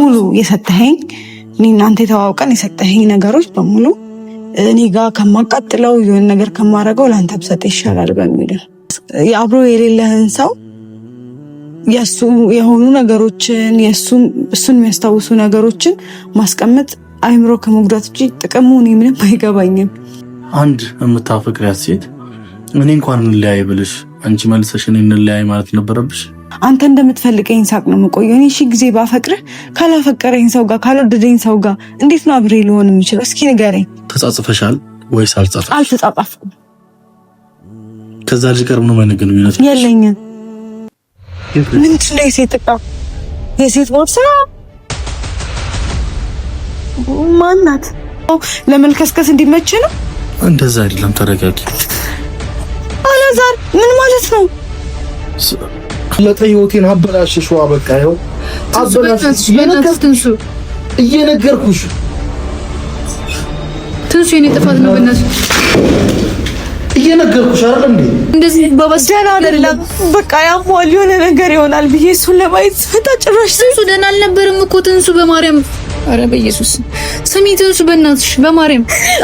ሙሉ የሰጠኸኝ እኔ እናንተ የተዋውቀን የሰጠኸኝ ነገሮች በሙሉ እኔ ጋር ከማቃጥለው የሆነ ነገር ከማድረገው ለአንተ ብሰጥ ይሻላል በሚል አብሮ የሌለህን ሰው የሱ የሆኑ ነገሮችን እሱን የሚያስታውሱ ነገሮችን ማስቀመጥ አይምሮ ከመጉዳት ውጭ ጥቅሙ እኔ ምንም አይገባኝም። አንድ የምታፈቅሪያት ሴት እኔ እንኳን እንለያይ ብልሽ አንቺ መልሰሽ እኔ እንለያይ ማለት ነበረብሽ? አንተ እንደምትፈልገኝ ሳቅ ነው የምቆየው። እኔ ሺህ ጊዜ ባፈቅርህ ካላፈቀረኝ ሰው ጋር ካልወደደኝ ሰው ጋር እንዴት ነው አብሬ ሊሆን የሚችለው? እስኪ ንገረኝ። ተጻጽፈሻል ወይስ አልጻጻፍኩም? አልተጻጻፍኩም። ከዛ ልጅ ቀርብ ነው ማይነገር ነው ይላል የለኝም። ምንድን ነው የሴት ዕቃ የሴት ሞት ስራ ማናት? ለመልከስከስ እንዲመች ነው። እንደዛ አይደለም። ተረጋጊ አላዛር። ምን ማለት ነው? ለጠ ህይወቴን አበላሽሽዋ። በቃ ይኸው አበላሽሽ። ትንሱ እየነገርኩሽ ትንሱ የኔ ጥፋት ነው። በእናትሽ እየነገርኩሽ አይደል እንዴ? እንደዚህ ባባስ ደህና አይደለም። በቃ ያሟል የሆነ ነገር ይሆናል ብዬ እሱን ለማየት ስፈታ ጭራሽ ትንሱ ደህና አልነበርም እኮ ትንሱ በማርያም አረ በኢየሱስ ስሚ ትንሱ፣ በእናትሽ በማርያም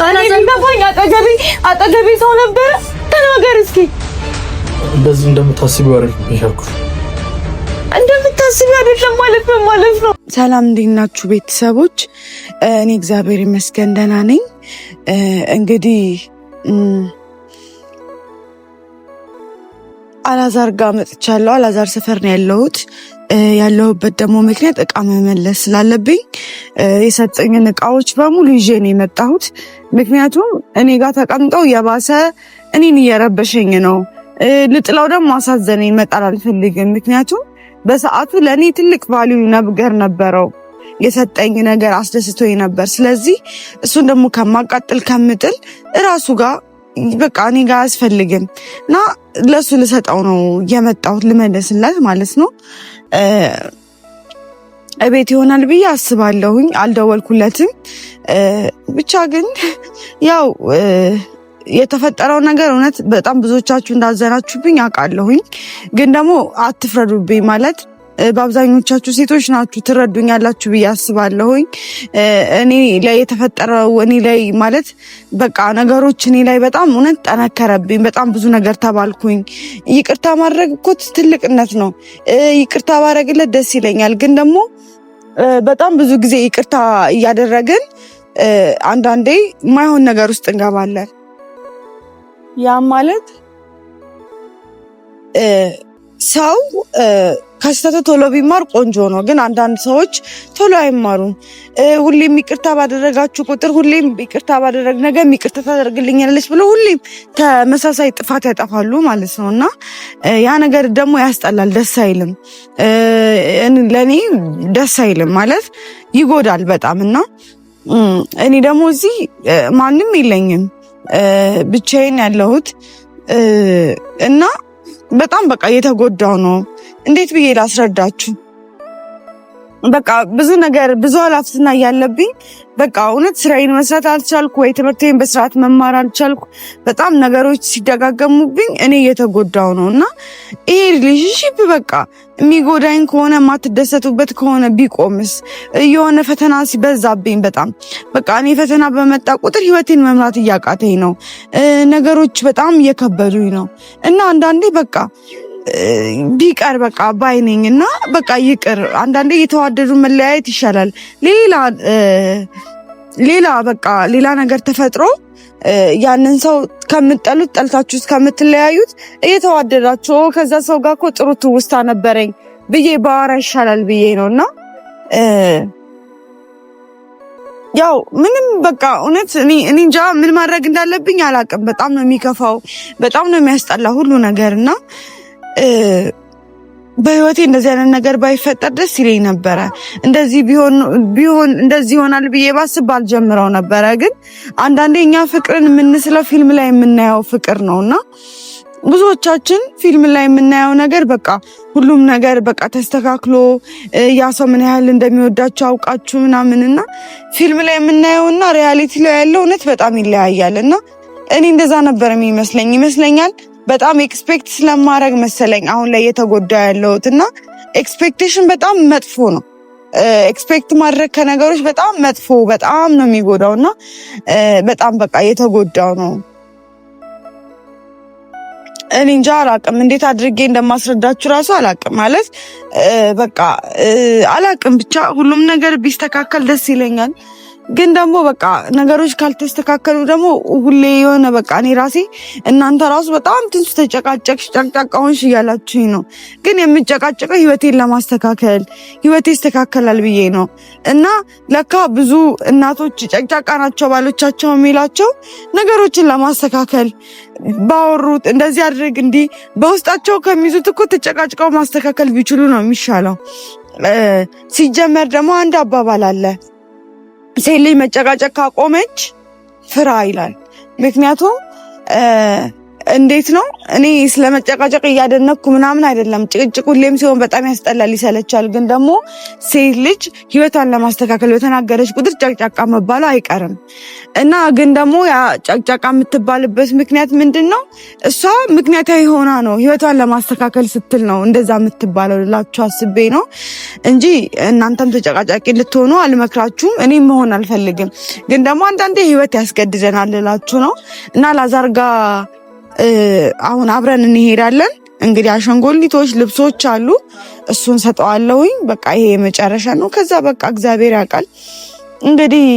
አላዛኝ አጠገቤ አጠገቤ ሰው ነበረ። ተናገር እስኪ እንደዚህ እንደምታስቢው አይደለም ይሻልኩሽ እንደምታስቢው አይደለም ማለት ነው ማለት ነው። ሰላም እንዴት ናችሁ ቤተሰቦች? እኔ እግዚአብሔር ይመስገን ደህና ነኝ። እንግዲህ አላዛር ጋር መጥቻለሁ። አላዛር ሰፈር ነው ያለሁት። ያለሁበት ደግሞ ምክንያት እቃ መመለስ ስላለብኝ የሰጠኝን እቃዎች በሙሉ ይዤ ነው የመጣሁት። ምክንያቱም እኔ ጋር ተቀምጠው የባሰ እኔን እየረበሸኝ ነው ልጥለው ደግሞ አሳዘነኝ። መጣል አልፈልግም። ምክንያቱም በሰዓቱ ለእኔ ትልቅ ቫሊዩ ነገር ነበረው የሰጠኝ ነገር አስደስቶኝ ነበር። ስለዚህ እሱን ደግሞ ከማቃጥል ከምጥል እራሱ ጋር በቃ እኔ ጋር አያስፈልግም እና ለእሱ ልሰጠው ነው የመጣሁት ልመለስላት ማለት ነው። እቤት ይሆናል ብዬ አስባለሁኝ። አልደወልኩለትም ብቻ ግን ያው የተፈጠረው ነገር እውነት በጣም ብዙዎቻችሁ እንዳዘናችሁብኝ አውቃለሁኝ። ግን ደግሞ አትፍረዱብኝ ማለት በአብዛኞቻችሁ ሴቶች ናችሁ ትረዱኛላችሁ ብዬ አስባለሁኝ። እኔ ላይ የተፈጠረው እኔ ላይ ማለት በቃ ነገሮች እኔ ላይ በጣም እውነት ጠነከረብኝ። በጣም ብዙ ነገር ተባልኩኝ። ይቅርታ ማድረግ እኮ ትልቅነት ነው። ይቅርታ ባረግለት ደስ ይለኛል። ግን ደግሞ በጣም ብዙ ጊዜ ይቅርታ እያደረግን አንዳንዴ ማይሆን ነገር ውስጥ እንገባለን። ያ ማለት ሰው ከስተቱ ቶሎ ቢማር ቆንጆ ነው። ግን አንዳንድ ሰዎች ቶሎ አይማሩም። ሁሌም ይቅርታ ባደረጋችሁ ቁጥር ሁሌም ይቅርታ ባደረግ ነገር ይቅርታ ታደርግልኛለች ብሎ ሁሌም ተመሳሳይ ጥፋት ያጠፋሉ ማለት ነው እና ያ ነገር ደግሞ ያስጠላል፣ ደስ አይልም። ለእኔ ደስ አይልም ማለት ይጎዳል በጣም እና እኔ ደግሞ እዚህ ማንም የለኝም ብቻዬን ያለሁት እና በጣም በቃ እየተጎዳው ነው። እንዴት ብዬ ላስረዳችሁ? በቃ ብዙ ነገር ብዙ ኃላፊትና ያለብኝ በቃ እውነት ስራዬን መስራት አልቻልኩ፣ ወይ ትምህርቴን በስርዓት መማር አልቻልኩ። በጣም ነገሮች ሲደጋገሙብኝ እኔ እየተጎዳው ነው እና ይሄ ሪሌሽንሽፕ በቃ የሚጎዳኝ ከሆነ የማትደሰቱበት ከሆነ ቢቆምስ? የሆነ ፈተና ሲበዛብኝ በጣም በቃ እኔ ፈተና በመጣ ቁጥር ህይወቴን መምራት እያቃተኝ ነው። ነገሮች በጣም እየከበዱኝ ነው እና አንዳንዴ በቃ ቢቀር በቃ ባይነኝ እና በቃ ይቅር። አንዳንዴ የተዋደዱ መለያየት ይሻላል። ሌላ ሌላ በቃ ሌላ ነገር ተፈጥሮ ያንን ሰው ከምጠሉት ጠልታችሁ ከምትለያዩት እየተዋደዳችሁ ከዛ ሰው ጋር እኮ ጥሩ ትውስታ ነበረኝ ብዬ ባወራ ይሻላል ብዬ ነው እና ያው ምንም በቃ እውነት እኔ እንጃ ምን ማድረግ እንዳለብኝ አላቅም። በጣም ነው የሚከፋው፣ በጣም ነው የሚያስጠላ ሁሉ ነገር እና በህይወቴ እንደዚህ አይነት ነገር ባይፈጠር ደስ ይለኝ ነበረ። እንደዚህ ቢሆን ቢሆን እንደዚህ ይሆናል ብዬ ባስብ ባልጀምረው ነበረ። ግን አንዳንዴ እኛ ፍቅርን የምንስለው ፊልም ላይ የምናየው ፍቅር ነው እና ብዙዎቻችን ፊልም ላይ የምናየው ነገር በቃ ሁሉም ነገር በቃ ተስተካክሎ ያ ሰው ምን ያህል እንደሚወዳቸው አውቃችሁ ምናምን እና ፊልም ላይ የምናየውና ሪያሊቲ ላይ ያለው እውነት በጣም ይለያያል እና እኔ እንደዛ ነበር የሚመስለኝ ይመስለኛል በጣም ኤክስፔክት ስለማድረግ መሰለኝ አሁን ላይ እየተጎዳ ያለሁት እና ኤክስፔክቴሽን በጣም መጥፎ ነው። ኤክስፔክት ማድረግ ከነገሮች በጣም መጥፎ በጣም ነው የሚጎዳው እና በጣም በቃ እየተጎዳው ነው። እኔ እንጃ አላቅም እንዴት አድርጌ እንደማስረዳችሁ ራሱ አላቅም። ማለት በቃ አላቅም ብቻ ሁሉም ነገር ቢስተካከል ደስ ይለኛል። ግን ደግሞ በቃ ነገሮች ካልተስተካከሉ ደግሞ ሁሌ የሆነ በቃ እኔ ራሴ እናንተ ራሱ በጣም ትንሱ ተጨቃጨቅሽ ጨቅጫቃ እያላችሁኝ ነው። ግን የምጨቃጨቀው ህይወቴን ለማስተካከል ህይወቴ ይስተካከላል ብዬ ነው። እና ለካ ብዙ እናቶች ጨቅጫቃ ናቸው ባሎቻቸው የሚላቸው ነገሮችን ለማስተካከል ባወሩት እንደዚህ አድርግ እንዲህ በውስጣቸው ከሚይዙት እኮ ተጨቃጭቀው ማስተካከል ቢችሉ ነው የሚሻለው። ሲጀመር ደግሞ አንድ አባባል አለ ሴት ልጅ መጨቃጨቅ ካቆመች ፍራ ይላል። ምክንያቱም እንዴት ነው? እኔ ስለመጨቃጨቅ እያደነኩ ምናምን አይደለም። ጭቅጭቅ ሁሌም ሲሆን በጣም ያስጠላል፣ ይሰለቻል። ግን ደግሞ ሴት ልጅ ህይወቷን ለማስተካከል በተናገረች ቁጥር ጨቅጫቃ መባሉ አይቀርም እና ግን ደግሞ ያ ጨቅጫቃ የምትባልበት ምክንያት ምንድን ነው? እሷ ምክንያታዊ ሆና ነው ህይወቷን ለማስተካከል ስትል ነው እንደዛ የምትባለው ላችሁ አስቤ ነው እንጂ እናንተም ተጨቃጫቂ ልትሆኑ አልመክራችሁም። እኔም መሆን አልፈልግም። ግን ደግሞ አንዳንዴ ህይወት ያስገድደናል ላችሁ ነው እና ላዛርጋ አሁን አብረን እንሄዳለን። እንግዲህ አሸንጎሊቶች ልብሶች አሉ፣ እሱን ሰጠዋለሁኝ። በቃ ይሄ የመጨረሻ ነው። ከዛ በቃ እግዚአብሔር ያውቃል እንግዲህ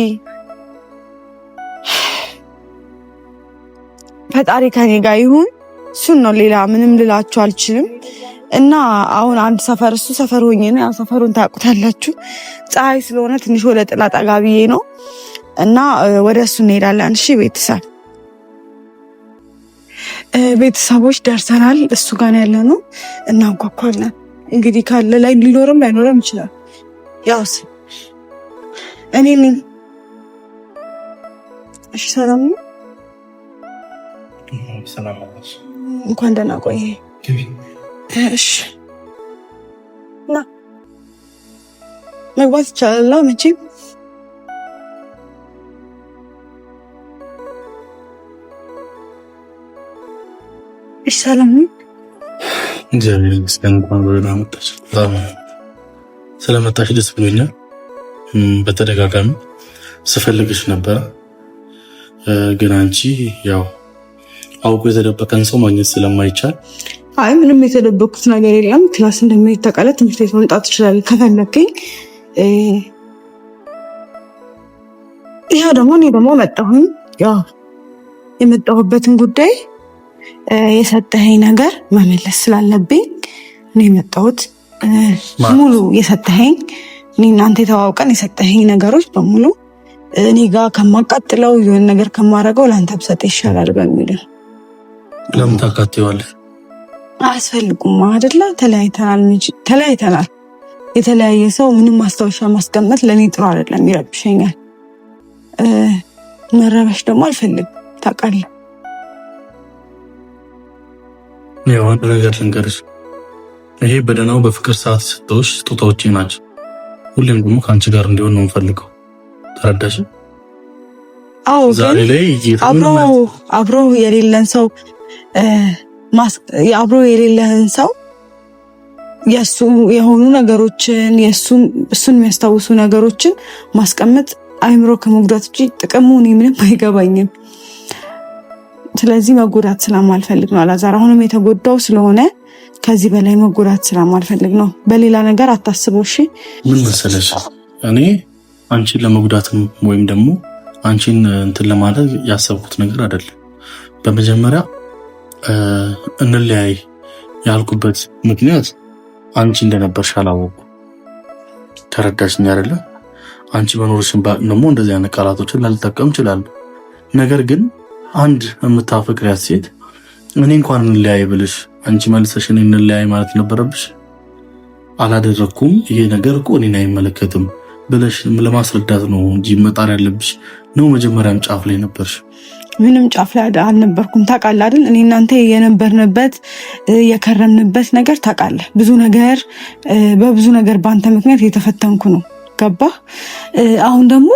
ፈጣሪ ከኔ ጋር ይሁን። እሱን ነው ሌላ ምንም ልላችሁ አልችልም። እና አሁን አንድ ሰፈር እሱ ሰፈር ሆኜ ነው። ያው ሰፈሩን ታውቁታላችሁ። ፀሐይ ስለሆነ ትንሽ ወደ ጥላ ጠጋ ብዬ ነው እና ወደ እሱ እንሄዳለን። እሺ ቤተሰብ ቤተሰቦች ደርሰናል። እሱ ጋር ያለ ነው። እናንኳኳለን። እንግዲህ ካለ ላይ ሊኖርም ላይኖርም ይችላል። ያውስ እኔ ነኝ። እሺ፣ ሰላም እንኳን ደህና እሺ፣ ና መግባት ይቻላል መቼም መጣሽ ሰለሞን? እግዚአብሔር ይመስገን። እንኳን በደህና መጣሽ። በጣም ስለመጣሽ ደስ ብሎኛል። በተደጋጋሚ ስፈልግሽ ነበረ፣ ግን አንቺ ያው አውቆ የተደበቀን ሰው ማግኘት ስለማይቻል አይ ምንም የተደበኩት ነገር የለም። ክላስ እንደሚሄድ ታውቃለህ። ትምህርት ቤት መምጣት ትችላለህ ከፈለግኝ። ያው ደግሞ እኔ ደግሞ መጣሁኝ። ያው የመጣሁበትን ጉዳይ የሰጠኸኝ ነገር መመለስ ስላለብኝ ነው የመጣሁት። ሙሉ የሰጠኸኝ እኔ እናንተ የተዋውቀን የሰጠኸኝ ነገሮች በሙሉ እኔ ጋር ከማቃጥለው የሆነ ነገር ከማረገው ለአንተ ብሰጥ ይሻላል በሚል ለምን ታካትዋለህ? አያስፈልጉም አይደለ? ተለያይተናል፣ ተለያይተናል። የተለያየ ሰው ምንም ማስታወሻ ማስቀመጥ ለእኔ ጥሩ አይደለም፣ ይረብሸኛል። መረበሽ ደግሞ አልፈልግም ታውቃለህ። ያው አንድ ነገር ልንገርሽ፣ ይሄ በደህናው በፍቅር ሰዓት ስጥቶሽ ስጦታዎቼ ናቸው። ሁሌም ደግሞ ከአንቺ ጋር እንዲሆን ነው የምፈልገው። ተረዳሽ? አዎ። ዛሬ ላይ አብሮ የሌለን ሰው አብሮ የሌለህን ሰው የሱ የሆኑ ነገሮችን እሱን የሚያስታውሱ ነገሮችን ማስቀመጥ አይምሮ ከመጉዳት ውጭ ጥቅሙ እኔ ምንም አይገባኝም። ስለዚህ መጎዳት ስለማልፈልግ ነው። አላዛር አሁንም የተጎዳው ስለሆነ ከዚህ በላይ መጎዳት ስለማልፈልግ ነው። በሌላ ነገር አታስበው እሺ። ምን መሰለሽ፣ እኔ አንቺን ለመጉዳት ወይም ደግሞ አንቺን እንትን ለማድረግ ያሰብኩት ነገር አይደለም። በመጀመሪያ እንለያይ ያልኩበት ምክንያት አንቺ እንደነበርሽ አላወቁ ተረዳሽኝ አይደለም? አንቺ መኖርሽን ደግሞ እንደዚህ አይነት ቃላቶችን ላልጠቀም እችላለሁ ነገር ግን አንድ የምታፈቅሪያት ሴት እኔ እንኳን እንለያይ ብልሽ አንቺ መልሰሽ እኔ እንለያይ ማለት ነበረብሽ? አላደረግኩም፣ ይሄ ነገር እኮ እኔን አይመለከትም ብለሽ ለማስረዳት ነው እንጂ መጣር ያለብሽ ነው። መጀመሪያም ጫፍ ላይ ነበርሽ። ምንም ጫፍ ላይ አልነበርኩም። ታውቃለህ አይደል? እኔ እናንተ የነበርንበት የከረምንበት ነገር ታውቃለህ። ብዙ ነገር በብዙ ነገር በአንተ ምክንያት የተፈተንኩ ነው። ገባህ? አሁን ደግሞ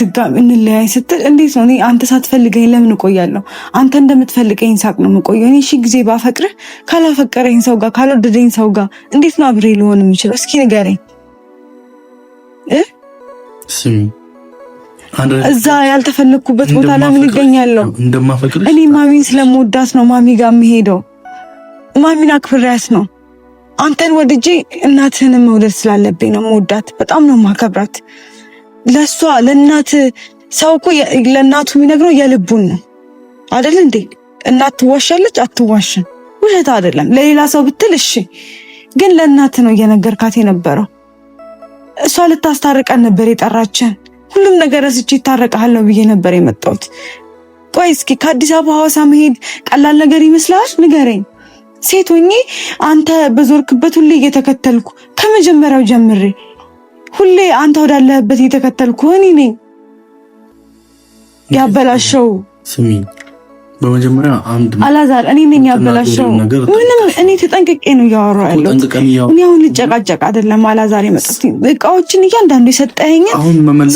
ድጋሚ እንለያይ ስትል እንዴት ነው? እኔ አንተ ሳትፈልገኝ ለምን እቆያለሁ? አንተ እንደምትፈልገኝ ሳቅ ነው የምቆየው። እኔ ሺ ጊዜ ባፈቅርህ ካላፈቀረኝ ሰው ጋር ካልወደደኝ ሰው ጋር እንዴት ነው አብሬ ሊሆን የምችለው? እስኪ ንገረኝ። እዛ ያልተፈለግኩበት ቦታ ለምን እገኛለሁ? እኔ ማሚን ስለምወዳት ነው ማሚ ጋር የምሄደው። ማሚን አክብሬያት ነው አንተን ወድጄ እናትህንም መውደድ ስላለብኝ ነው የምወዳት። በጣም ነው ማከብራት ለእሷ ለእናት ሰው እኮ ለእናቱ የሚነግረው የልቡን ነው አደል እንዴ? እናት ትዋሻለች አትዋሽም፣ ውሸት አይደለም። ለሌላ ሰው ብትል እሺ፣ ግን ለእናት ነው እየነገርካት የነበረው። እሷ ልታስታርቀን ነበር የጠራችን። ሁሉም ነገር ስች ይታረቀሃል ነው ብዬ ነበር የመጣሁት። ቆይ እስኪ ከአዲስ አበባ ሐዋሳ መሄድ ቀላል ነገር ይመስላል ንገረኝ። ሴት ሆኜ አንተ በዞርክበት ሁሌ እየተከተልኩ ከመጀመሪያው ጀምሬ ሁሌ አንተ ወዳለህበት እየተከተልኩህ እኔ ነኝ ያበላሸው። ስሚ፣ በመጀመሪያ አንድ አላዛር እኔ ነኝ ያበላሸው። ምንም እኔ ተጠንቅቄ ነው እያወራሁ ያለሁት። እኔ አሁን ልጨቃጨቅ አይደለም አላዛር። የመጣሁት እቃዎችን እያንዳንዱ የሰጠኸኝን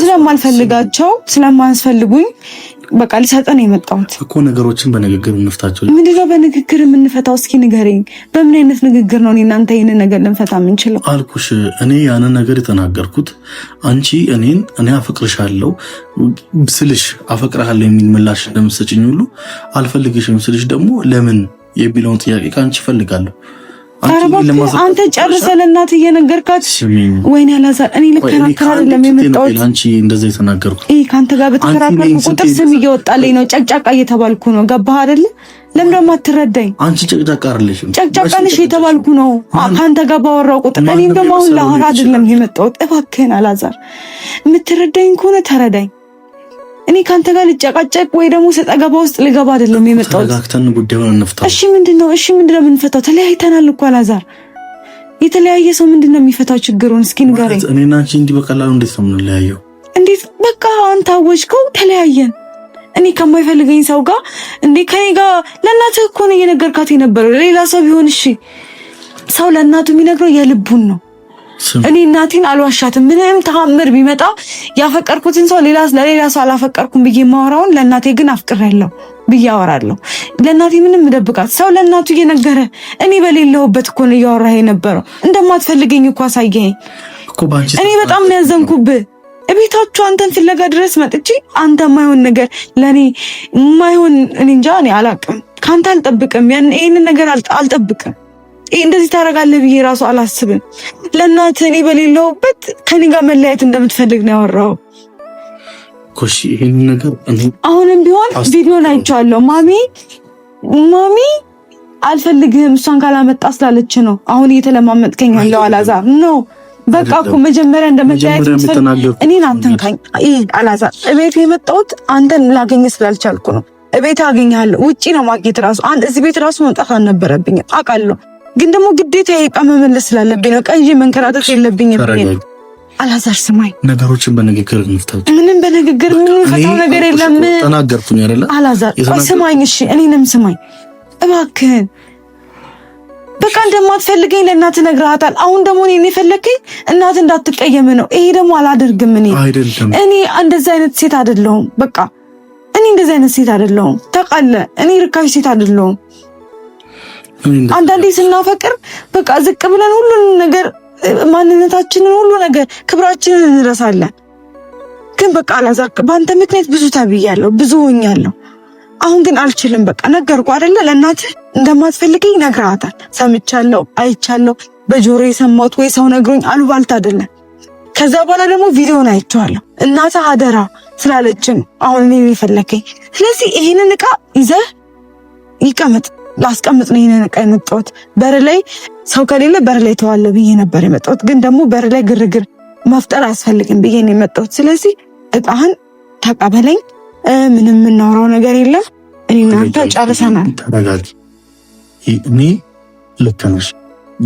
ስለማልፈልጋቸው ስለማያስፈልጉኝ በቃ ነው የመጣሁት እኮ ነገሮችን በንግግር እንፍታቸው። ምንድን በንግግር የምንፈታው? እስኪ ንገረኝ፣ በምን አይነት ንግግር ነው እናንተ ይህን ነገር ልንፈታ የምንችለው? አልኩሽ እኔ ያንን ነገር የተናገርኩት አንቺ እኔን እኔ አፈቅርሻለሁ ስልሽ አፈቅርሃለሁ የሚል ምላሽ እንደምትሰጭኝ ሁሉ አልፈልግሽም ስልሽ ደግሞ ለምን የሚለውን ጥያቄ ከአንቺ እፈልጋለሁ። አንተ ጨርሰህ ለእናትህ እየነገርካት ወይኔ አላዛር እኔ ልከራከር አይደለም የመጣሁት ከአንተ ጋር በተከራከርኩ ቁጥር ስም እየወጣልኝ ነው ጨቅጫቃ እየተባልኩ ነው ገባህ አይደለ ለምን ደግሞ አትረዳኝ አንቺ ጨቅጫቃ አይደለሽም ጨቅጫቃ ነሽ እየተባልኩ ነው ከአንተ ጋር ባወራው ቁጥር እኔም ደግሞ አሁን ለአወራ አይደለም የመጣሁት እባክህን አላዛር የምትረዳኝ ከሆነ ተረዳኝ እኔ ከአንተ ጋር ልጨቃጨቅ ወይ ደግሞ ሰጠገባ ውስጥ ልገባ አይደለም የመጣሁት። ተረጋግተን ጉዳዩን እንፍታው። እሺ ምንድነው? እሺ ምንድነው ነው የምንፈታው? ተለያይተናል እኮ አላዛር። የተለያየ ሰው ምንድነው የሚፈታው ችግሩን? እስኪ ንገረኝ። እኔና አንቺ እንዲህ በቀላሉ እንዴት ነው የምንለያየው? እንዴት በቃ አንተ አወጅከው፣ ተለያየን። እኔ ከማይፈልገኝ ሰው ጋር እንዴ? ከኔ ጋር ለእናትህ እኮ ነው እየነገርካት የነበረው። ሌላ ሰው ቢሆን እሺ፣ ሰው ለእናቱ የሚነግረው የልቡን ነው እኔ እናቴን አልዋሻትም። ምንም ተአምር ቢመጣ ያፈቀርኩትን ሰው ሌላ ለሌላ ሰው አላፈቀርኩም ብዬ ማወራውን ለእናቴ ግን አፍቅሬያለሁ ብዬ አወራለሁ። ለእናቴ ምንም እደብቃት ሰው ለእናቱ እየነገረ እኔ በሌለሁበት እኮ ነው የነበረው። እንደማትፈልገኝ እኮ አሳየኸኝ። እኔ በጣም ነው ያዘንኩብህ። እቤታችሁ አንተን ፍለጋ ድረስ መጥቼ አንተ ማይሆን ነገር ለእኔ ማይሆን እኔ እንጃ እኔ አላቅም። ከአንተ አልጠብቅም። ይህንን ነገር አልጠብቅም። ይሄ እንደዚህ ታደርጋለህ ብዬ ራሱ አላስብም። ለእናትህ እኔ በሌለውበት ከኔ ጋር መለያየት እንደምትፈልግ ነው ያወራው። አሁንም ቢሆን ቪዲዮን አይቼዋለሁ። ማሚ ማሚ አልፈልግህም እሷን ካላመጣ ስላለች ነው አሁን እየተለማመጥከኝ ያለው አላዛር ነው። በቃ እኮ መጀመሪያ እንደመለያየት እኔን አትንካኝ አላዛር። እቤት የመጣሁት አንተን ላገኘ ስላልቻልኩ ነው። እቤት አገኛለሁ። ውጪ ነው ማግኘት ራሱ እዚህ ቤት ራሱ መምጣት አልነበረብኝም አውቃለሁ። ግን ደግሞ ግዴታ የቃ መመለስ ስላለብኝ ነው። ቀይ መንከራተት የለብኝም። አላዛር ስማኝ፣ ነገሮችን በንግግር እንፍታው። ምንም በንግግር ምንም ነገር የለም። ተናገርኩኝ አይደለ? አላዛር ስማኝ፣ እሺ፣ እኔንም ስማኝ እባክህን። በቃ እንደማትፈልገኝ ለእናት ነግረሃታል። አሁን ደግሞ እኔ የፈለግኝ እናት እንዳትቀየም ነው። ይሄ ደግሞ አላደርግም። እኔ አይደለም እኔ እንደዚህ አይነት ሴት አይደለሁም። በቃ እኔ እንደዚህ አይነት ሴት አይደለሁም። ታውቃለህ፣ እኔ ርካሽ ሴት አይደለሁም። አንዳንዴ ስናፈቅር በቃ ዝቅ ብለን ሁሉን ነገር ማንነታችንን፣ ሁሉ ነገር ክብራችንን እንረሳለን። ግን በቃ አላዛር በአንተ ምክንያት ብዙ ተብያለሁ፣ ብዙ ሆኛለሁ። አሁን ግን አልችልም። በቃ ነገርኩ አይደለ? ለእናትህ እንደማትፈልገኝ ነግራታል። ሰምቻለሁ፣ አይቻለሁ። በጆሮ የሰማሁት ወይ ሰው ነግሮኝ አሉባልታ አይደለም። ከዛ በኋላ ደግሞ ቪዲዮን አይቼዋለሁ። እናትህ አደራ ስላለችን አሁን እኔ የፈለገኝ። ስለዚህ ይህንን ዕቃ ይዘህ ይቀመጥ። ላስቀምጥ ነው ይሄንን ዕቃ የመጣሁት። በር ላይ ሰው ከሌለ በር ላይ ተዋለ ብዬ ነበር የመጣሁት፣ ግን ደግሞ በር ላይ ግርግር መፍጠር አያስፈልግም ብዬ ነው የመጣሁት። ስለዚህ ዕቃህን ተቀበለኝ፣ ምንም የምናውራው ነገር የለ፣ እኔ እናንተ ጨርሰናል። እኔ ልክ ነሽ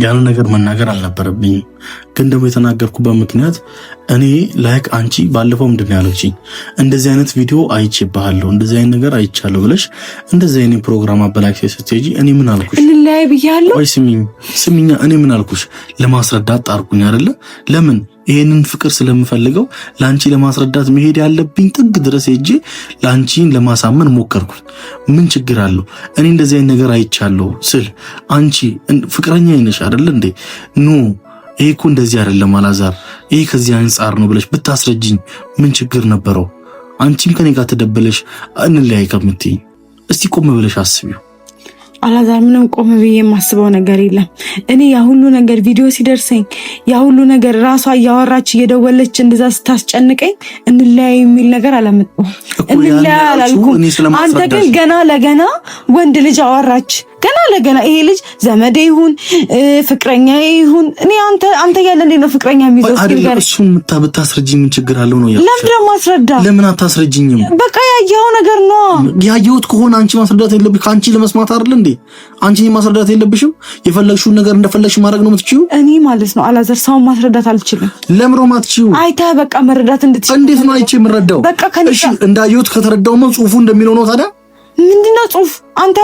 ያን ነገር መናገር አልነበረብኝም፣ ግን ደግሞ የተናገርኩበት ምክንያት እኔ ላይክ አንቺ ባለፈው ምንድን ያለችኝ እንደዚህ አይነት ቪዲዮ አይቼብሃለሁ፣ እንደዚህ አይነት ነገር አይቻለሁ ብለሽ እንደዚህ አይነት ፕሮግራም አበላክ ስትሄጂ እኔ ምን አልኩሽ? እንለያይ ብያለሁ። ስሚኝ፣ ስሚኛ፣ እኔ ምን አልኩሽ? ለማስረዳት ጣርኩኝ አይደለ? ለምን ይህንን ፍቅር ስለምፈልገው ለአንቺ ለማስረዳት መሄድ ያለብኝ ጥግ ድረስ ሄጄ ለአንቺን ለማሳመን ሞከርኩኝ። ምን ችግር አለው? እኔ እንደዚህ አይነት ነገር አይቻለሁ ስል አንቺ ፍቅረኛ ይነሽ አደለ እንዴ? ኖ ይህ እኮ እንደዚህ አይደለም አላዛር፣ ይህ ከዚህ አንጻር ነው ብለሽ ብታስረጅኝ ምን ችግር ነበረው? አንቺም ከኔ ጋር ተደበለሽ እንለያይ ከምትይኝ እስቲ ቆም ብለሽ አስቢው። አላዛር ምንም ቆም ብዬ የማስበው ነገር የለም። እኔ ያ ሁሉ ነገር ቪዲዮ ሲደርሰኝ ያ ሁሉ ነገር ራሷ እያወራች እየደወለች እንደዛ ስታስጨንቀኝ እንለያይ የሚል ነገር አላመጣሁም። እንለያይ አላልኩም። አንተ ግን ገና ለገና ወንድ ልጅ አወራች ገና ለገና ይሄ ልጅ ዘመዴ ይሁን ፍቅረኛ ይሁን እኔ አንተ አንተ ያለ እንዴ ነው ፍቅረኛ የሚይዘው ሲል ጋር እሱ ብታስረጅኝ ምን ችግር አለው ነው ያለው። ለምን ደግሞ አስረዳ? ለምን አታስረጅኝም? በቃ ያየኸው ነገር ነው ያየሁት ከሆነ አንቺ ማስረዳት የለብሽ ከአንቺ ለመስማት አይደል እንዴ? አንቺ ማስረዳት የለብሽም። የፈለግሽውን ነገር እንደፈለግሽ ማድረግ ነው የምትችይው። እኔ ማለት ነው አላዘር ሰውን ማስረዳት አልችልም። ለምን ነው የማትችይው? በቃ መረዳት እንድትችል። እንዴት ነው አይቼ የምረዳው? በቃ ከእኔ እሺ እንዳየሁት ከተረዳውማ ጽሁፉ እንደሚለው ነው ታዲያ ምንድነው ጽሁፍ? አንተ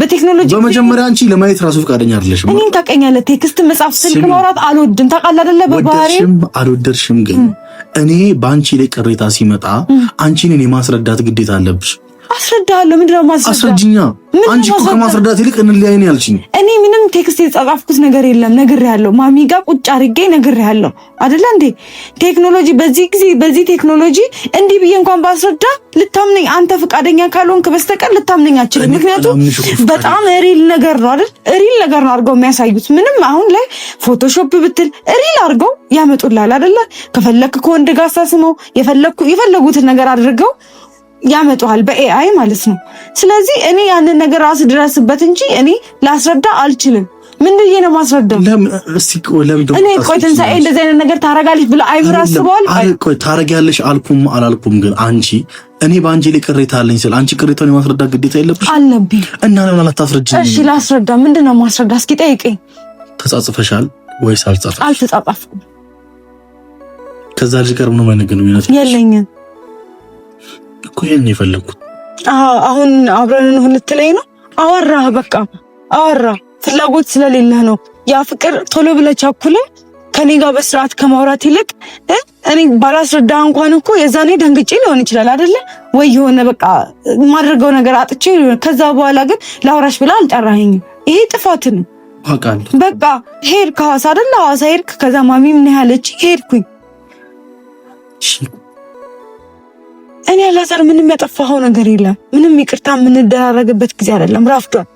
በቴክኖሎጂ በመጀመሪያ አንቺ ለማየት ራሱ ፈቃደኛ አይደለሽ። እኔን ታውቀኛለህ። ቴክስት መጻፍ፣ ስልክ ማውራት አልወድም። ታውቃለህ አይደለ? በባህሪ አልወደድሽም። ግን እኔ በአንቺ ላይ ቅሬታ ሲመጣ አንቺን እኔ ማስረዳት ግዴታ አለብሽ። አስረዳለሁ። ምንድነው ማስረዳ? የማስረዳ? አስረጅኛ። አንቺ እኮ ከማስረዳት ይልቅ እንለያይ ነው ያልሽኝ። እኔ ምንም ቴክስት የተጻጻፍኩት ነገር የለም። ነግሬሃለሁ። ማሚ ጋር ቁጭ አድርጌ ነግሬሃለሁ አይደለ እንዴ? ቴክኖሎጂ በዚህ ጊዜ በዚህ ቴክኖሎጂ እንዲህ ብዬ እንኳን ባስረዳ ልታምነኝ አንተ ፈቃደኛ ካልሆንክ በስተቀር ልታምነኝ አችልም። ምክንያቱም በጣም ሪል ነገር ነው አይደል? ሪል ነገር ነው አድርገው የሚያሳዩት። ምንም አሁን ላይ ፎቶሾፕ ብትል ሪል አድርገው ያመጡላል አይደለ? ከፈለክ ከወንድ ጋር አሳስመው የፈለጉትን ነገር አድርገው ያመጣዋል በኤአይ ማለት ነው። ስለዚህ እኔ ያንን ነገር ራስ ድረስበት እንጂ እኔ ላስረዳ አልችልም። ምን ብዬ ነው ማስረዳው? እኔ ቆይ ትንሣኤ እንደዚህ አይነት ነገር ታረጋለች ብሎ አይምር አስበዋል። ቆይ ታረጊያለሽ አልኩም አላልኩም ግን አንቺ እኔ በአንቺ ላይ ቅሬታ አለኝ ስል አንቺ ቅሬታውን የማስረዳ ግዴታ የለብሽ አለብኝ። እና ለምን አላታስረጅ? እሺ ላስረዳ። ምንድን ነው ማስረዳ? እስኪ ጠይቀኝ። ተጻጽፈሻል ወይስ አልተጻጻፍኩም? ከዛ ልጅ ጋር ምንም አይነት ግንኙነት የለኝም እኮ ይሄን የፈለኩት። አሁን አብረን እንሁን ልትለኝ ነው? አወራ በቃ አወራ። ፍላጎት ስለሌለህ ነው ያ ፍቅር። ቶሎ ብለህ ቸኩለህ ከኔ ጋር በስርዓት ከማውራት ይልቅ እኔ ባላስረዳህ እንኳን እኮ የዛኔ ደንግጬ ሊሆን ይችላል አይደለ ወይ? የሆነ በቃ የማደርገው ነገር አጥቼ። ከዛ በኋላ ግን ላውራሽ ብላ አልጠራኸኝም። ይሄ ጥፋት ነው። በቃ ሄድክ ሐዋሳ አይደለ? ሐዋሳ ሄድክ። ከዛ ማሚ ምን ያለች ሄድኩኝ እኔ አላዛር ምንም ያጠፋኸው ነገር የለም። ምንም ይቅርታ የምንደራረግበት ጊዜ አይደለም። ረፍዷል።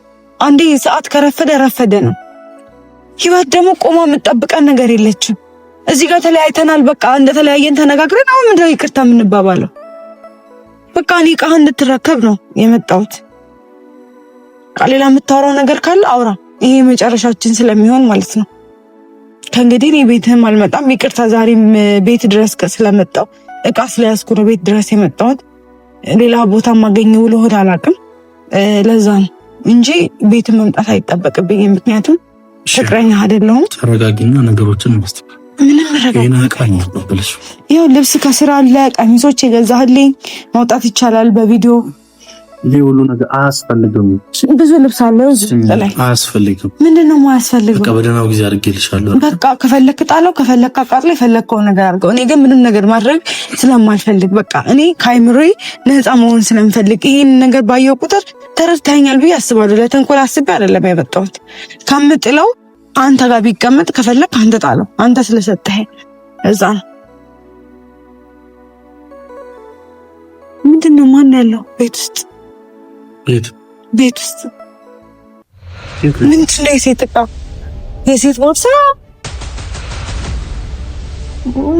አንዴ ሰዓት ከረፈደ ረፈደ ነው። ህይወት ደግሞ ቆማ የምጠብቀን ነገር የለችም። እዚህ ጋር ተለያይተናል፣ በቃ እንደተለያየን ተነጋግረን አሁን ምንድነው ይቅርታ የምንባባለው? በቃ እኔ ዕቃህ እንድትረከብ ነው የመጣሁት። ሌላ የምታወራው ነገር ካለ አውራ። ይሄ መጨረሻችን ስለሚሆን ማለት ነው። ከእንግዲህ እኔ ቤትህም አልመጣም። ይቅርታ ዛሬም ቤት ድረስ ስለመጣው እቃ ስለያዝኩ ነው ቤት ድረስ የመጣሁት። ሌላ ቦታ ማገኘው ልሆን አላውቅም። ለዛ ነው እንጂ ቤት መምጣት አይጠበቅብኝም። ምክንያቱም ፍቅረኛ አይደለሁም። ተረጋጊና ነገሮችን ስ ምንም ያው ልብስ ከስራ አለ፣ ቀሚሶች የገዛህልኝ መውጣት ይቻላል በቪዲዮ ይሄ ሁሉ ነገር አያስፈልግም። ብዙ ልብስ አለ አያስፈልግም። ምንድን ነው የማያስፈልግም? በቃ በደህናው ጊዜ አድርጌልሻለሁ። በቃ ከፈለክ ጣለው፣ ከፈለክ አቃጥሎ፣ የፈለግከው ነገር አድርገው። እኔ ግን ምንም ነገር ማድረግ ስለማልፈልግ በቃ እኔ ከአይምሬ ነፃ መሆን ስለምፈልግ ይህን ነገር ባየው ቁጥር ተረድተኛል ብዬ አስባለሁ። ለተንኮል አስቤ አይደለም ያመጣሁት። ከምጥለው አንተ ጋር ቢቀመጥ ከፈለክ አንተ ጣለው። አንተ ስለሰጠ እዛ ምንድን ነው ማን ያለው ቤት ውስጥ ቤት ቤት ውስጥ ምንድን ነው የሴት እቃ የሴት ቦርሳ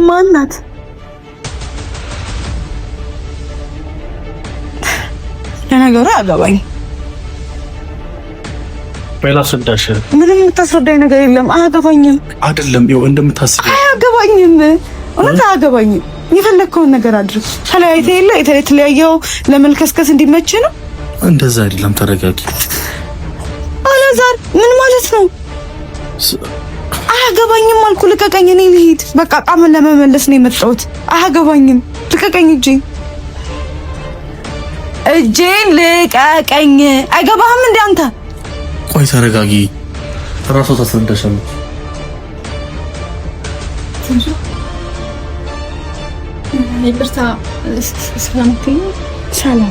ማናት? ለነገሩ አገባኝ። በላስረዳሽ ምንም የምታስረዳኝ ነገር የለም። አያገባኝም። አይደለም ይኸው እንደምታስብ አያገባኝም። እውነት አያገባኝም። የፈለግከውን ነገር አድርግ። ተለያይተህ የለ የተለያየው ለመልከስከስ እንዲመች ነው። እንደዛ አይደለም። ተረጋጊ አላዛር። ምን ማለት ነው? አያገባኝም አልኩ። ልቀቀኝ፣ እኔ ልሂድ። በቃ ቃምን ለመመለስ ነው የመጣሁት። አያገባኝም፣ ልቀቀኝ። እጄ እጄን ልቀቀኝ። አይገባህም እንዴ አንተ? ቆይ ተረጋጊ። ራሷ ታስረዳሻለች። ይቅርታ ስለምትይኝ ሰላም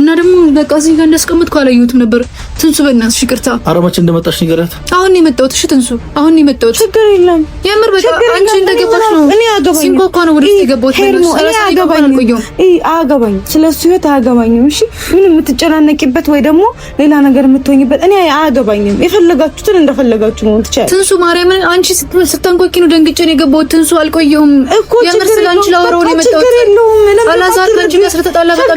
እና ደግሞ በቃ እዚህ ጋር እንዳስቀምጥኩ አላየሁትም ነበር። ትንሱ በእናትሽ ይቅርታ። አረማችን እንደመጣሽ ንገሪያት። አሁን ነው የመጣሁት። እሺ ትንሱ፣ አሁን ነው የመጣሁት። ችግር የለም የምር በቃ አንቺ አስቤ እኮ ነው ወደዚህ የገባሁት። አያገባኝም፣ ስለ እሱ ህይወት አያገባኝም። እሺ ምን የምትጨናነቂበት ወይ ደግሞ ሌላ ነገር የምትሆኝበት እኔ አያገባኝም። የፈለጋችሁትን እንደፈለጋችሁ መሆን ትችላለች። ትንሱ ማርያምን፣ አንቺ ስትንኮቂ ነው ደንግጬ ነው የገባሁት። ትንሱ አልቆየሁም እኮ የምር ስለ ላወራው ነው የመጣሁት። ችግር የለውም አላዛር፣ ጋር ስለተጣላ በጣም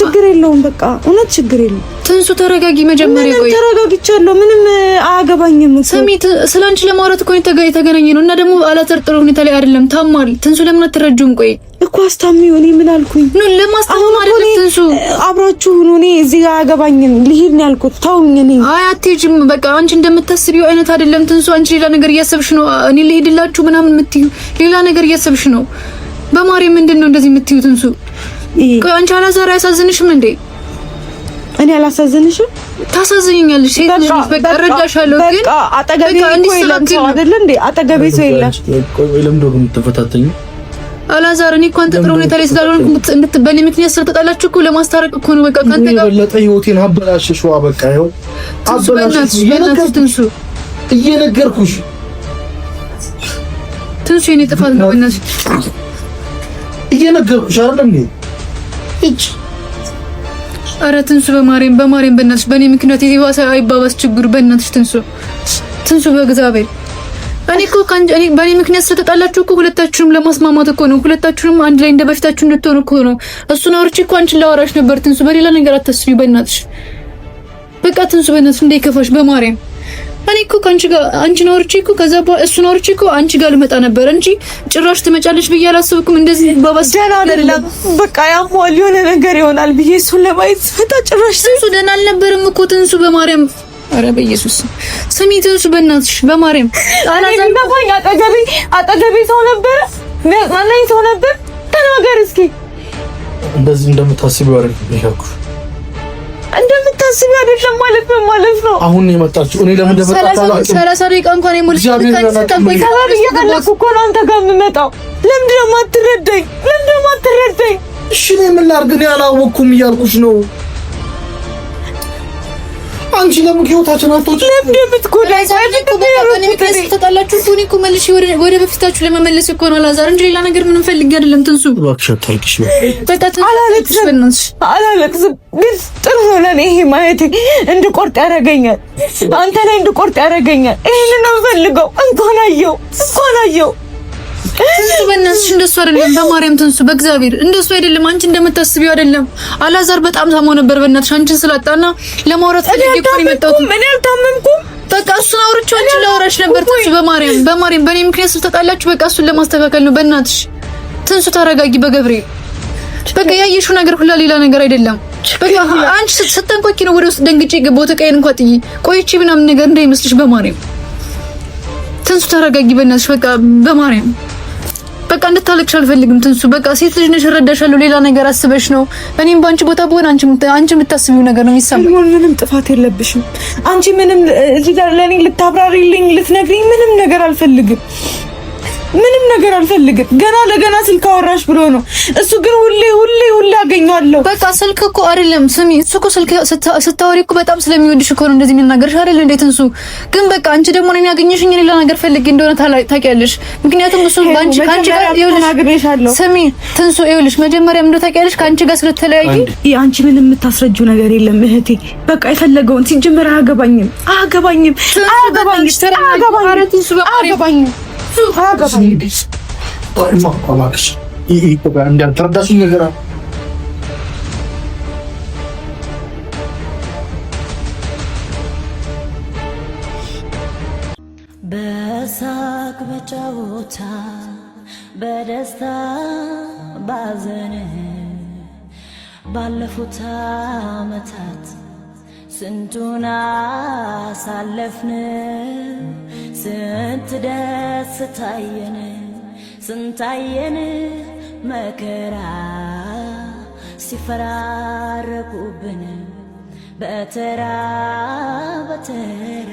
ችግር የለውም በቃ እውነት ችግር የለውም። ትንሱ ተረጋጊ። መጀመሪያ ቆይ ተረጋግቻለሁ። ምንም አያገባኝም። ስሚ፣ ስለ አንቺ ለማውራት እኮ የተገናኘ ነው እና ደግሞ አላጠርጥር ሁኔታ ላይ አይደለም ታማ ታሟል። ትንሱ ለምን አትረጁም? ቆይ እኮ አስታሚው እኔ ምን አልኩኝ? ኑ ለማስታመም አይደለም ትንሱ አብራችሁ ሁኑ። እኔ እዚህ ጋር አገባኝን ልሂድ ነው ያልኩት። ተውኝ። እኔ አይ አትሄጂም። በቃ አንቺ እንደምታስቢው አይነት አይደለም ትንሱ። አንቺ ሌላ ነገር እያሰብሽ ነው። እኔ ልሄድላችሁ ምናምን የምትዩ ሌላ ነገር እያሰብሽ ነው። በማርያም ምንድን ነው እንደዚህ የምትዩ ትንሱ? ቆይ አንቺ አላዛር አያሳዝንሽም እንዴ? እኔ አላሳዝንሽም። ታሳዝኛለሽ። ሴት ልጅ በቃ እረዳሻለሁ፣ ግን አጠገቤ እኮ የለም ሰው አይደለ እንዴ? አጠገቤ ሰው የለም። ለምንድን ነው የምትፈታተኝው? አላዛር እኔ እኮ አንተ ጥሩ ሁኔታ ላይ ስላልሆንኩ እንድትበኔ ምክንያት ስለተጣላችሁ እኮ ለማስታረቅ እኮ ነው። በቃ ካንተ ጋር የበለጠ ህይወቴን አበላሽሽዋ። በቃ ይኸው አበላሽሽ። ትንሱ እየነገርኩሽ፣ ትንሱ የኔ ጥፋት ነው። በእናትሽ እየነገርኩሽ አይደል እንዴ? እጭ ኧረ ትንሱ በማርያም በማርያም በእናትሽ በእኔ ምክንያት የባሰ አይባባስ ችግሩ በእናትሽ ትንሱ ትንሱ በእግዚአብሔር እኔ እኮ እኔ በእኔ ምክንያት ስለተጣላችሁ እኮ ሁለታችሁንም ለማስማማት እኮ ነው። ሁለታችሁንም አንድ ላይ እንደ በፊታችሁ እንድትሆኑ እኮ ነው። እሱን አውርቼ እኮ አንቺን ላወራሽ ነበር። ትንሱ በሌላ ነገር አታስቢ በእናትሽ። በቃ ትንሱ በእናትሽ እንዳይከፋሽ በማርያም እኔ እኮ ከአንቺ ጋር አንቺ ነው ኖርቼ እኮ ከዛ በኋላ እሱ ነው ኖርቼ እኮ አንቺ ጋር ልመጣ ነበር እንጂ ጭራሽ ትመጫለሽ ብዬ አላሰብኩም። እንደዚህ ባባስ ደህና አይደለም። በቃ ያሟል የሆነ ነገር ይሆናል ብዬ እሱን ለማየት ስመጣ ጭራሽ ትንሱ ደህና አልነበረም እኮ ትንሱ በማርያም አረ በኢየሱስ ስሚ ትንሱ በእናትሽ በማርያም አላዛን ባባይ አጠገቤ አጠገቤ ሰው ነበር ነጽናናኝ ሰው ነበር። ተናገር እስኪ እንደዚህ እንደምታስቢው አይደል ይሻኩሽ እንደምታስቢ አይደለም ማለት ነው ማለት ነው። አሁን ነው የመጣችው። እኔ ለምን ሰላሳ ደቂቃ እንኳን እየፈለኩ እኮ ነው አንተ ጋር የምመጣው። ለምንድን ነው የማትረዳኝ? ለምንድን ነው የማትረዳኝ? እሺ እኔ ምን ላድርግ? እኔ አላወኩም እያልኩሽ ነው አንቺ ለምን ከህይወታችን አትወጪ? ለምን ብትጎዳኝ ወደ በፊታችሁ ለመመለስ እኮ ነው አላዛር፣ እንጂ ሌላ ነገር ምንም ፈልጌ አይደለም። ትንሱ አላለቅስም፣ ግን ጥሩ ነው ለእኔ ይሄ ማየቴ እንድቆርጥ ያደርገኛል። አንተ ላይ እንድቆርጥ ያደርገኛል። ይሄንን ነው ፈልገው። እንኳን አየው፣ እንኳን አየው በእናትሽ እንደሱ አይደለም። በማርያም ትንሱ፣ በእግዚአብሔር እንደሱ አይደለም። አንቺ እንደምታስቢው አይደለም። አላዛር በጣም ታሞ ነበር። በእናትሽ አንቺን ስላጣና ለማውራት ፈልጌ እኮ ነው የመጣሁት። ምን አልታመምኩም። በቃ እሱን አውርቼው አንቺን ላወራሽ ነበር ትንሱ። በማርያም በማርያም በእኔ ምክንያት ስለተጣላችሁ በቃ እሱን ለማስተካከል ነው። በእናትሽ ትንሱ ተረጋጊ። በገብሬ በቃ ያየሽው ነገር ሁላ ሌላ ነገር አይደለም። በቃ አንቺ ስትንቆቂ ነው ወደ ውስጥ ደንግጬ የገባሁት። ተቀየን እንኳን ጥዬ ቆይቼ ምናምን ነገር እንዳይመስልሽ። በማርያም ትንሱ ታረጋጊ። በእናትሽ በቃ በማርያም በቃ እንድታለቅሽ አልፈልግም ትንሱ። በቃ ሴት ልጅ ነሽ፣ እረዳሻለሁ። ሌላ ነገር አስበሽ ነው። እኔም በአንቺ ቦታ ብሆን አንቺ አንቺ የምታስቢው ነገር ነው የሚሰማኝ። ምንም ጥፋት የለብሽም አንቺ። ምንም እዚህ ጋር ለኔ ልታብራሪልኝ ልትነግሪኝ ምንም ነገር አልፈልግም። ምንም ነገር አልፈልግም። ገና ለገና ስልክ አወራሽ ብሎ ነው እሱ ግን ሁሌ ሁሌ ሁሌ አገኘዋለሁ። በቃ ስልክ እኮ አይደለም ስሚ፣ እሱ እኮ ስልክ ስታወሪ እኮ በጣም ስለሚወድሽ እኮ ነው እንደዚህ የሚናገርሽ አይደል? እንዴት እንሱ ግን በቃ አንቺ ደግሞ እኔን ያገኘሽኝ ሌላ ነገር ፈልጌ እንደሆነ ታውቂያለሽ። ምክንያቱም እሱ ባንቺ ካንቺ ጋር ይኸውልሽ፣ ስሚ ትንሱ ይኸውልሽ፣ መጀመሪያ ምንድነው ታውቂያለሽ፣ ካንቺ ጋር ስለተለያየ አንቺ ምንም የምታስረጁ ነገር የለም እህቴ። በቃ የፈለገውን ሲጀምር አያገባኝም፣ አያገባኝም፣ አያገባኝም፣ አያገባኝም እንዳልተረዳሽኝ ነገር በሳቅ በጨዋታ በደስታ ባዘን ባለፉት ዓመታት ስንቱን አሳለፍን። ስንት ደስታየን ስንታየን መከራ ሲፈራረቁብን በተራ በተራ